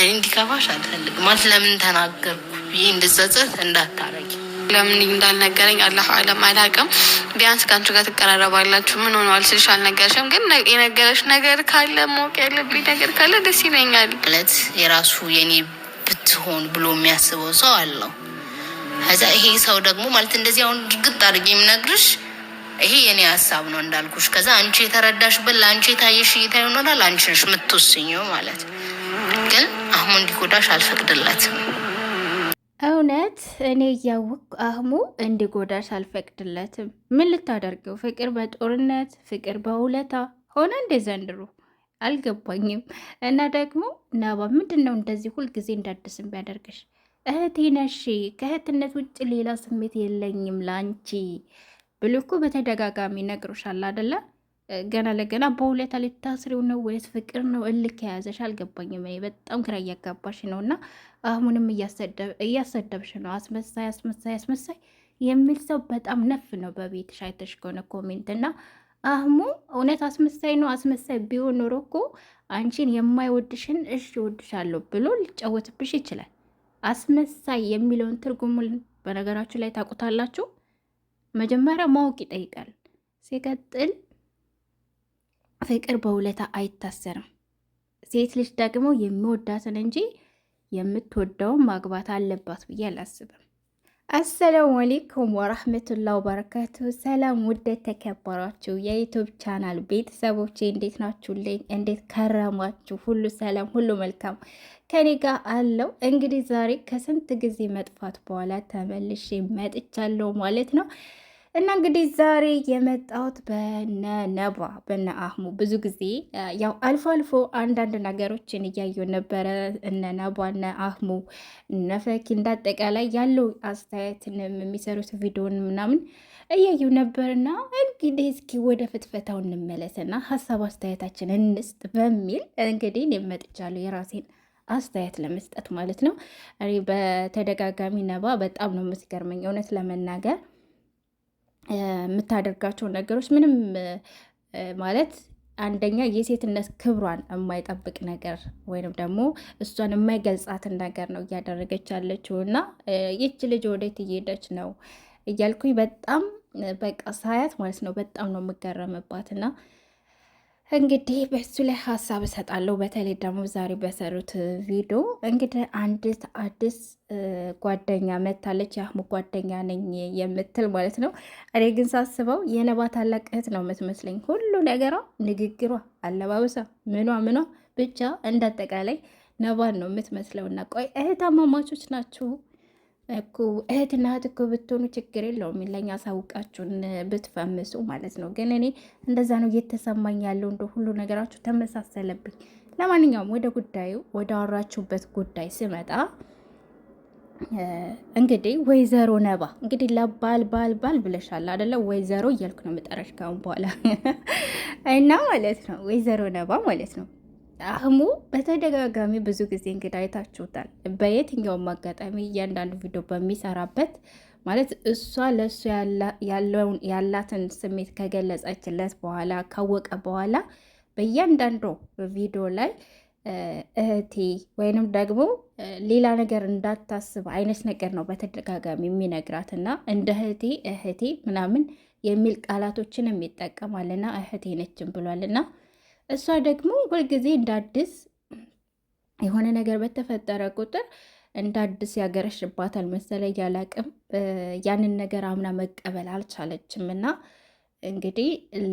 እኔ እንዲከፋሽ አልፈልግም። ማለት ለምን ተናገርኩ ይህ እንድጸጸት እንዳታረጊ። ለምን እንዳልነገረኝ አላህ አለም አላውቅም። ቢያንስ ከአንቺ ጋር ትቀራረባላችሁ ምን ሆነዋል ስልሽ አልነገረሽም፣ ግን የነገረሽ ነገር ካለ ማወቅ ያለብኝ ነገር ካለ ደስ ይለኛል። ማለት የራሱ የኔ ብትሆን ብሎ የሚያስበው ሰው አለው። ከዛ ይሄ ሰው ደግሞ ማለት እንደዚህ አሁን ድርግጥ አድርጌ የምነግርሽ ይሄ የኔ ሀሳብ ነው እንዳልኩሽ። ከዛ አንቺ የተረዳሽበት አንቺ የታየሽ እይታ ይሆናል። አንቺ ነሽ የምትወስኝው ማለት ግን አህሙ እንዲጎዳሽ አልፈቅድለትም። እውነት እኔ እያወቅኩ አህሙ እንዲጎዳሽ አልፈቅድለትም። ምን ልታደርገው? ፍቅር በጦርነት ፍቅር በውለታ ሆነ እንደ ዘንድሮ አልገባኝም። እና ደግሞ ናባ ምንድን ነው እንደዚህ ሁልጊዜ እንዳድስም ቢያደርግሽ? እህቴ ነሽ፣ ከእህትነት ውጭ ሌላ ስሜት የለኝም ለአንቺ ብሎ እኮ በተደጋጋሚ ነግሮሻል አደለ? ገና ለገና በሁለት ልታስሪው ነው ወይስ ፍቅር ነው? እልክ የያዘሽ አልገባኝም። እኔ በጣም ግራ እያጋባሽ ነው። እና አሁንም እያሰደብሽ ነው። አስመሳይ አስመሳይ አስመሳይ የሚል ሰው በጣም ነፍ ነው። በቤትሽ አይተሽ ከሆነ ኮሜንት እና አህሙ እውነት አስመሳይ ነው። አስመሳይ ቢሆን ኖሮ እኮ አንቺን የማይወድሽን እሺ እወድሻለሁ ብሎ ሊጫወትብሽ ይችላል። አስመሳይ የሚለውን ትርጉሙን በነገራችሁ ላይ ታውቁታላችሁ። መጀመሪያ ማወቅ ይጠይቃል። ሲቀጥል ፍቅር በውለታ አይታሰርም። ሴት ልጅ ደግሞ የሚወዳትን እንጂ የምትወደውን ማግባት አለባት ብዬ አላስብም። አሰላሙ አሌይኩም ወራህመቱላ ወበረካቱ። ሰላም ውደ ተከበሯችሁ የዩቱብ ቻናል ቤተሰቦቼ እንዴት ናችሁልኝ? እንዴት ከረማችሁ? ሁሉ ሰላም፣ ሁሉ መልካም ከኔ ጋር አለው። እንግዲህ ዛሬ ከስንት ጊዜ መጥፋት በኋላ ተመልሼ መጥቻለሁ ማለት ነው። እና እንግዲህ ዛሬ የመጣሁት በነ ነባ በነ አህሙ ብዙ ጊዜ ያው አልፎ አልፎ አንዳንድ ነገሮችን እያየሁ ነበረ። እነ ነባ እነ አህሙ እነ ፈኪ እንዳጠቃላይ ያለው አስተያየትን የሚሰሩት ቪዲዮን ምናምን እያዩ ነበርና እንግዲህ እስኪ ወደ ፍትፈታው እንመለስና ሀሳብ አስተያየታችን እንስጥ በሚል እንግዲህ እኔም የራሴን አስተያየት ለመስጠት ማለት ነው። በተደጋጋሚ ነባ በጣም ነው የምትገርመኝ እውነት ለመናገር የምታደርጋቸው ነገሮች ምንም ማለት አንደኛ የሴትነት ክብሯን የማይጠብቅ ነገር ወይንም ደግሞ እሷን የማይገልጻትን ነገር ነው እያደረገች ያለችው እና ይች ልጅ ወዴት እየሄደች ነው እያልኩኝ በጣም በቃ ሳያት ማለት ነው በጣም ነው የምገረምባት እና እንግዲህ በሱ ላይ ሀሳብ እሰጣለሁ። በተለይ ደግሞ ዛሬ በሰሩት ቪዲዮ እንግዲህ አንዲት አዲስ ጓደኛ መታለች። የአህሙ ጓደኛ ነኝ የምትል ማለት ነው። እኔ ግን ሳስበው የነባ ታላቅ እህት ነው የምትመስለኝ። ሁሉ ነገሯ፣ ንግግሯ፣ አለባበሷ፣ ምኗ ምኗ ብቻ እንዳጠቃላይ ነባን ነው የምትመስለው እና ቆይ እህታማማቾች ናችሁ እኮ እህትና እህት እኮ ብትሆኑ ችግር የለውም ለእኛ ሳውቃችሁን ብትፈምሱ ማለት ነው። ግን እኔ እንደዛ ነው እየተሰማኝ ያለው፣ እንደ ሁሉ ነገራችሁ ተመሳሰለብኝ። ለማንኛውም ወደ ጉዳዩ ወደ አወራችሁበት ጉዳይ ስመጣ እንግዲህ ወይዘሮ ነባ እንግዲህ ለባል ባል ባል ብለሻል አደለ? ወይዘሮ እያልኩ ነው የምጠራሽ ከአሁን በኋላ እና ማለት ነው ወይዘሮ ነባ ማለት ነው አህሙ በተደጋጋሚ ብዙ ጊዜ እንግዳ አይታችሁታል። በየትኛውም አጋጣሚ እያንዳንዱ ቪዲዮ በሚሰራበት ማለት እሷ ለእሱ ያላትን ስሜት ከገለጸችለት በኋላ ካወቀ በኋላ በእያንዳንዱ ቪዲዮ ላይ እህቴ ወይንም ደግሞ ሌላ ነገር እንዳታስብ አይነት ነገር ነው በተደጋጋሚ የሚነግራት እና እንደ እህቴ እህቴ ምናምን የሚል ቃላቶችን የሚጠቀማልና እህቴ ነችን ብሏልና እሷ ደግሞ ሁልጊዜ እንደ አዲስ የሆነ ነገር በተፈጠረ ቁጥር እንደ አዲስ ያገረሽባታል መሰለኝ፣ ያላቅም ያንን ነገር አምና መቀበል አልቻለችም። እና እንግዲህ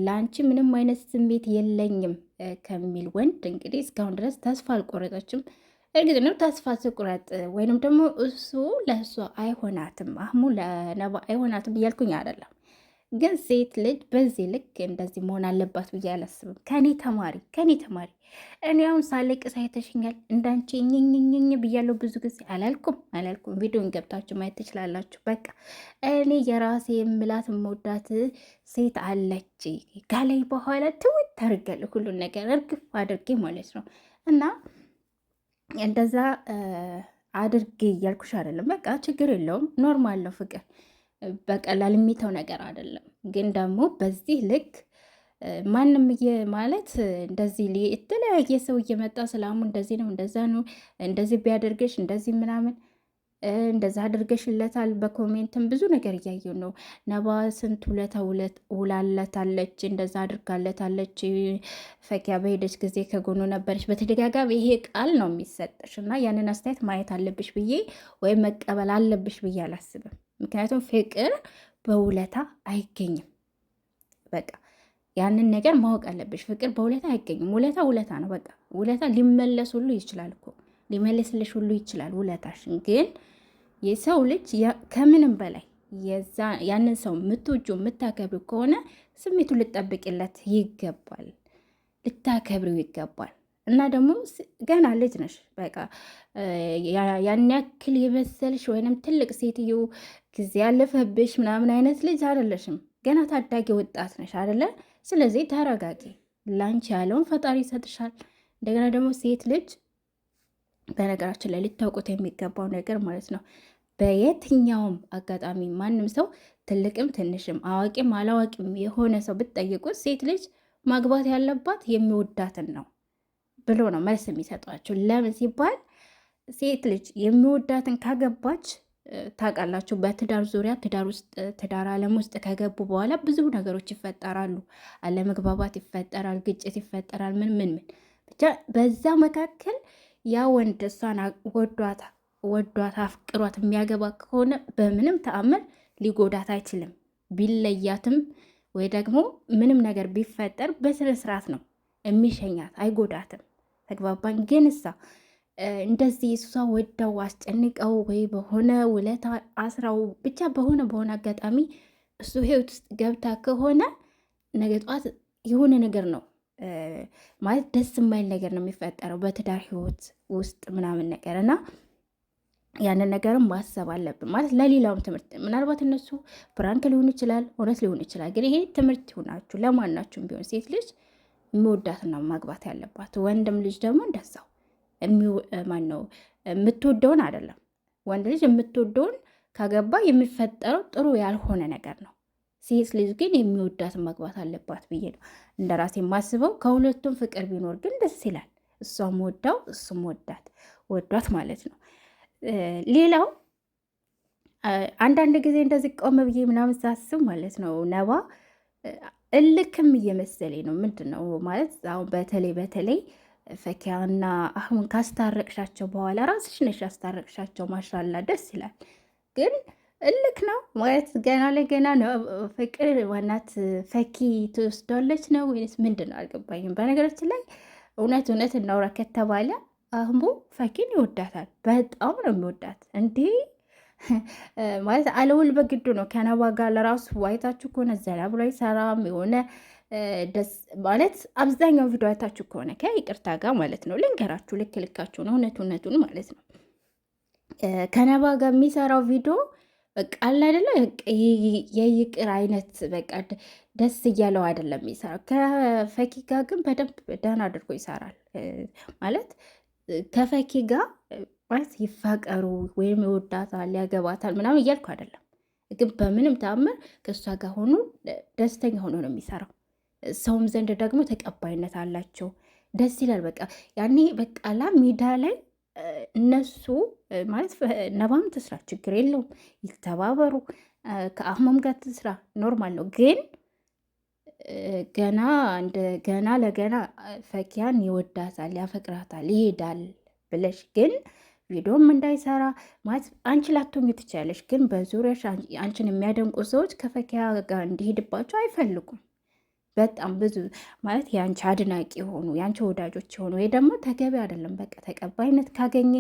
ለአንቺ ምንም አይነት ስሜት የለኝም ከሚል ወንድ እንግዲህ እስካሁን ድረስ ተስፋ አልቆረጠችም። እርግጥ ነው ተስፋ ስቁረጥ ወይንም ደግሞ እሱ ለእሱ አይሆናትም፣ አህሙ ለነባ አይሆናትም እያልኩኝ አይደለም ግን ሴት ልጅ በዚህ ልክ እንደዚህ መሆን አለባት ብዬ አላስብም። ከኔ ተማሪ ከኔ ተማሪ እኔ አሁን ሳለቅስ አይተሽኛል። እንዳንቺ ኝኝኝኝ ብያለው ብዙ ጊዜ አላልኩም አላልኩም። ቪዲዮን ገብታችሁ ማየት ትችላላችሁ። በቃ እኔ የራሴ የምላት መወዳት ሴት አለች። ጋላይ በኋላ ትውት ተርገል ሁሉን ነገር እርግፍ አድርጌ ማለት ነው እና እንደዛ አድርጌ እያልኩሽ አይደለም። በቃ ችግር የለውም ኖርማል ነው ፍቅር በቀላል የሚተው ነገር አይደለም። ግን ደግሞ በዚህ ልክ ማንም ማለት እንደዚህ የተለያየ ሰው እየመጣ ስላሙ እንደዚህ ነው እንደዛ ነው እንደዚህ ቢያደርገሽ እንደዚህ ምናምን እንደዛ አድርገሽለታል በኮሜንትም ብዙ ነገር እያየ ነው። ነባ ስንት ውለታ ውላለታለች፣ እንደዛ አድርጋለታለች፣ ፈኪያ በሄደች ጊዜ ከጎኑ ነበረች። በተደጋጋሚ ይሄ ቃል ነው የሚሰጥሽ እና ያንን አስተያየት ማየት አለብሽ ብዬ ወይም መቀበል አለብሽ ብዬ አላስብም። ምክንያቱም ፍቅር በውለታ አይገኝም። በቃ ያንን ነገር ማወቅ አለብሽ። ፍቅር በውለታ አይገኝም። ውለታ ውለታ ነው። በቃ ውለታ ሊመለስ ሁሉ ይችላል እኮ ሊመለስልሽ ሁሉ ይችላል ውለታሽን። ግን የሰው ልጅ ከምንም በላይ ያንን ሰው የምትወጂው የምታከብሪው ከሆነ ስሜቱ ልጠብቅለት ይገባል፣ ልታከብሪው ይገባል። እና ደግሞ ገና ልጅ ነሽ። በቃ ያን ያክል የበሰልሽ ወይንም ትልቅ ሴትዮ ጊዜ ያለፈብሽ ምናምን አይነት ልጅ አይደለሽም። ገና ታዳጊ ወጣት ነሽ አይደለ? ስለዚህ ተረጋጊ። ላንቺ ያለውን ፈጣሪ ይሰጥሻል። እንደገና ደግሞ ሴት ልጅ በነገራችን ላይ ልታውቁት የሚገባው ነገር ማለት ነው በየትኛውም አጋጣሚ ማንም ሰው ትልቅም ትንሽም አዋቂም አላዋቂም የሆነ ሰው ብትጠይቁት ሴት ልጅ ማግባት ያለባት የሚወዳትን ነው። ብሎ ነው መልስ የሚሰጧቸው። ለምን ሲባል ሴት ልጅ የሚወዳትን ካገባች ታውቃላችሁ፣ በትዳር ዙሪያ ትዳር ውስጥ ትዳር ዓለም ውስጥ ከገቡ በኋላ ብዙ ነገሮች ይፈጠራሉ። አለመግባባት ይፈጠራል፣ ግጭት ይፈጠራል፣ ምን ምን ምን ብቻ። በዛ መካከል ያ ወንድ እሷን ወዷት ወዷት አፍቅሯት የሚያገባ ከሆነ በምንም ተአምር ሊጎዳት አይችልም። ቢለያትም ወይ ደግሞ ምንም ነገር ቢፈጠር በስነ ስርዓት ነው የሚሸኛት፣ አይጎዳትም። ተግባባን። ግን እሳ እንደዚህ እሷ ወደው አስጨንቀው ወይ በሆነ ውለታ አስራው ብቻ በሆነ በሆነ አጋጣሚ እሱ ህይወት ውስጥ ገብታ ከሆነ ነገ ጠዋት የሆነ ነገር ነው ማለት ደስ የማይል ነገር ነው የሚፈጠረው በትዳር ህይወት ውስጥ ምናምን ነገር እና ያንን ነገርም ማሰብ አለብን። ማለት ለሌላውም ትምህርት ምናልባት እነሱ ፍራንክ ሊሆን ይችላል፣ እውነት ሊሆን ይችላል። ግን ይሄ ትምህርት ይሆናችሁ ለማናችሁም ቢሆን ሴት ልጅ መወዳት ነው ማግባት ያለባት። ወንድም ልጅ ደግሞ እንደዛው ማን ነው የምትወደውን አይደለም ወንድ ልጅ የምትወደውን ካገባ የሚፈጠረው ጥሩ ያልሆነ ነገር ነው። ሴት ልጅ ግን የሚወዳትን ማግባት አለባት ብዬ ነው እንደ ራሴ የማስበው። ከሁለቱም ፍቅር ቢኖር ግን ደስ ይላል። እሷም ወዳው እሱም ወዳት ወዷት ማለት ነው። ሌላው አንዳንድ ጊዜ እንደዚህ ቆመ ብዬ ምናምን ሳስብ ማለት ነው ነባ እልክም እየመሰለኝ ነው። ምንድን ነው ማለት አሁን በተለይ በተለይ ፈኪያና አሁን ካስታረቅሻቸው በኋላ ራስሽ ነሽ ያስታረቅሻቸው። ማሻላ ደስ ይላል። ግን እልክ ነው ማለት ገና ለገና ነው ፍቅር ዋናት ፈኪ ትወስዳለች ነው ወይስ ምንድን ነው አልገባኝም። በነገራችን ላይ እውነት እውነት እናውራ ከተባለ አህሙ ፈኪን ይወዳታል። በጣም ነው የሚወዳት እንዲህ ማለት አለውል በግዱ ነው። ከነባ ጋር ለራሱ ዋይታችሁ ከሆነ ዘና ብሎ ሰራም የሆነ ደስ ማለት አብዛኛው ቪዲዮ አይታችሁ ከሆነ ከይቅርታ ጋር ማለት ነው ልንገራችሁ፣ ልክ ልካችሁ ነው፣ እውነት እውነቱን ማለት ነው። ከነባ ጋር የሚሰራው ቪዲዮ በቃ አለ አይደለ የይቅር አይነት በቃ ደስ እያለው አይደለም የሚሰራው። ከፈኪ ጋር ግን በደንብ ደህና አድርጎ ይሰራል ማለት ከፈኪ ጋር ማለት ይፋቀሩ ወይም ይወዳታል ያገባታል ምናምን እያልኩ አይደለም፣ ግን በምንም ተአምር ከእሷ ጋር ሆኖ ደስተኛ ሆኖ ነው የሚሰራው። ሰውም ዘንድ ደግሞ ተቀባይነት አላቸው። ደስ ይላል። በቃ ያኔ በቃ ላ ሜዳ ላይ እነሱ ማለት ነባም ትስራ ችግር የለውም ይተባበሩ፣ ከአህመም ጋር ትስራ ኖርማል ነው። ግን ገና እንደ ገና ለገና ፈኪያን ይወዳታል፣ ያፈቅራታል፣ ይሄዳል ብለሽ ግን ቪዲዮም እንዳይሰራ ማለት አንቺ ላትሆኝ ትችያለሽ፣ ግን በዙሪያሽ አንቺን የሚያደንቁ ሰዎች ከፈኪያ ጋር እንዲሄድባቸው አይፈልጉም። በጣም ብዙ ማለት የአንቺ አድናቂ የሆኑ የአንቺ ወዳጆች የሆኑ ወይ ደግሞ ተገቢ አይደለም። በቃ ተቀባይነት ካገኘ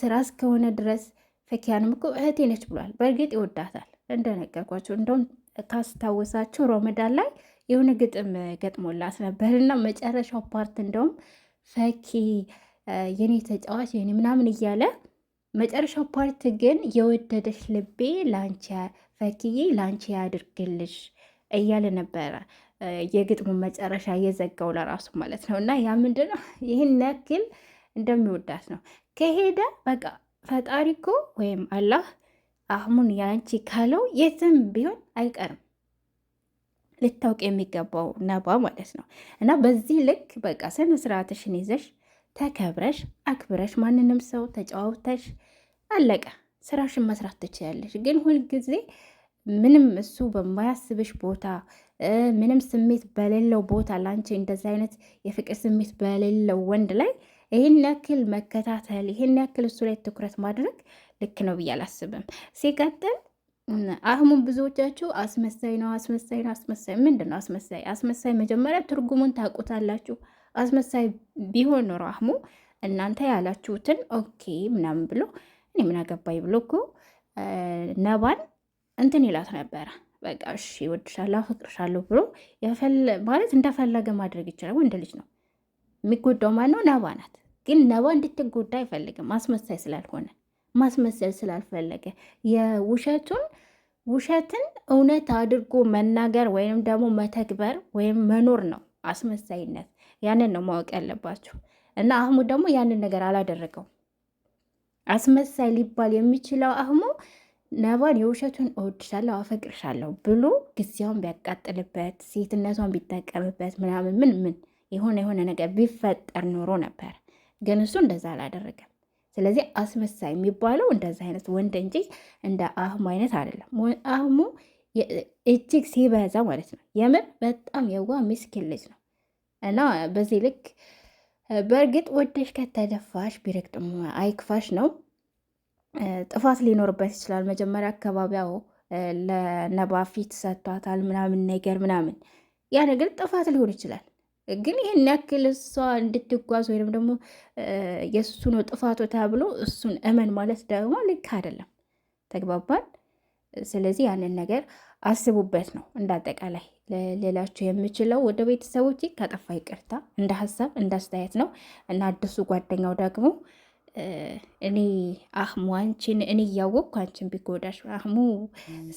ስራ እስከሆነ ድረስ ፈኪያንም እኮ እህቴ ነች ብሏል። በእርግጥ ይወዳታል እንደነገርኳቸው እንደውም ካስታወሳችሁ ሮመዳን ላይ የሆነ ግጥም ገጥሞላት ነበርና መጨረሻው ፓርት እንደውም ፈኪ የኔ ተጫዋች የኔ ምናምን እያለ መጨረሻው ፓርት ግን የወደደሽ ልቤ ላንቺ ፈክዬ ላንቺ ያድርግልሽ እያለ ነበረ የግጥሙ መጨረሻ የዘጋው ለራሱ ማለት ነው። እና ያ ምንድን ነው ይህን ያክል እንደሚወዳት ነው። ከሄደ በቃ ፈጣሪ እኮ ወይም አላህ አህሙን ያንቺ ካለው የትም ቢሆን አይቀርም። ልታውቅ የሚገባው ነባ ማለት ነው። እና በዚህ ልክ በቃ ስነ ስርዓትሽን ይዘሽ ተከብረሽ አክብረሽ ማንንም ሰው ተጫዋውተሽ አለቀ ስራሽን መስራት ትችያለሽ። ግን ሁልጊዜ ምንም እሱ በማያስብሽ ቦታ ምንም ስሜት በሌለው ቦታ ላንቺ እንደዚ አይነት የፍቅር ስሜት በሌለው ወንድ ላይ ይህን ያክል መከታተል፣ ይህን ያክል እሱ ላይ ትኩረት ማድረግ ልክ ነው ብዬ አላስብም። ሲቀጥል አህሙን ብዙዎቻችሁ አስመሳይ ነው አስመሳይ ነው አስመሳይ ምንድን ነው አስመሳይ አስመሳይ መጀመሪያ ትርጉሙን ታውቁታላችሁ። አስመሳይ ቢሆን ኖሮ አህሙ እናንተ ያላችሁትን ኦኬ ምናምን ብሎ እኔ ምን አገባኝ ብሎ እኮ ነባን እንትን ይላት ነበረ። በቃ እሺ እወድሻለሁ አፈቅርሻለሁ ብሎ ማለት እንደፈለገ ማድረግ ይችላል። ወንድ ልጅ ነው። የሚጎዳው ማን ነው? ነባ ናት። ግን ነባ እንድትጎዳ አይፈልግም። ማስመሳይ ስላልሆነ ማስመሰል ስላልፈለገ የውሸቱን ውሸትን እውነት አድርጎ መናገር ወይም ደግሞ መተግበር ወይም መኖር ነው አስመሳይነት። ያንን ነው ማወቅ ያለባችሁ። እና አህሙ ደግሞ ያንን ነገር አላደረገው። አስመሳይ ሊባል የሚችለው አህሙ ነባን የውሸቱን እወድሻለሁ፣ አፈቅርሻለሁ ብሎ ጊዜውን ቢያቃጥልበት፣ ሴትነቷን ቢጠቀምበት ምናምን ምን ምን የሆነ የሆነ ነገር ቢፈጠር ኖሮ ነበር። ግን እሱ እንደዛ አላደረገም። ስለዚህ አስመሳይ የሚባለው እንደዛ አይነት ወንድ እንጂ እንደ አህሙ አይነት አይደለም። አህሙ እጅግ ሲበዛ ማለት ነው የምር በጣም የዋ ምስኪን ልጅ ነው። እና በዚህ ልክ በእርግጥ ወደሽ ከተደፋሽ ቢረግጥም አይክፋሽ ነው። ጥፋት ሊኖርበት ይችላል። መጀመሪያ አካባቢያው ለነባ ፊት ሰጥቷታል ምናምን ነገር ምናምን፣ ያ ነገር ጥፋት ሊሆን ይችላል። ግን ይህን ያክል እሷ እንድትጓዝ ወይም ደግሞ የእሱ ነው ጥፋቱ ተብሎ እሱን እመን ማለት ደግሞ ልክ አይደለም። ተግባባን። ስለዚህ ያንን ነገር አስቡበት ነው። እንዳጠቃላይ ሌላችሁ የምችለው ወደ ቤተሰቦች ከጠፋ ይቅርታ፣ እንደ ሀሳብ እንደ አስተያየት ነው እና አዲሱ ጓደኛው ደግሞ እኔ አህሙ አንቺን እኔ እያወቅኩ አንቺን ቢጎዳሽ። አህሙ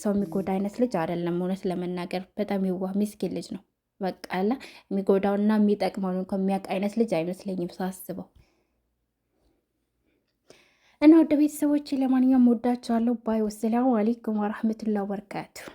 ሰው የሚጎዳ አይነት ልጅ አይደለም። እውነት ለመናገር በጣም የዋህ ሚስኪን ልጅ ነው። በቃ የሚጎዳውና የሚጠቅመው ከሚያውቅ አይነት ልጅ አይመስለኝም ሳስበው እና ወደ ቤተሰቦች ለማንኛውም ወዳቸዋለሁ። ባይ ወሰላሙ አሌይኩም ወረህመቱላ ወበረካቱሁ።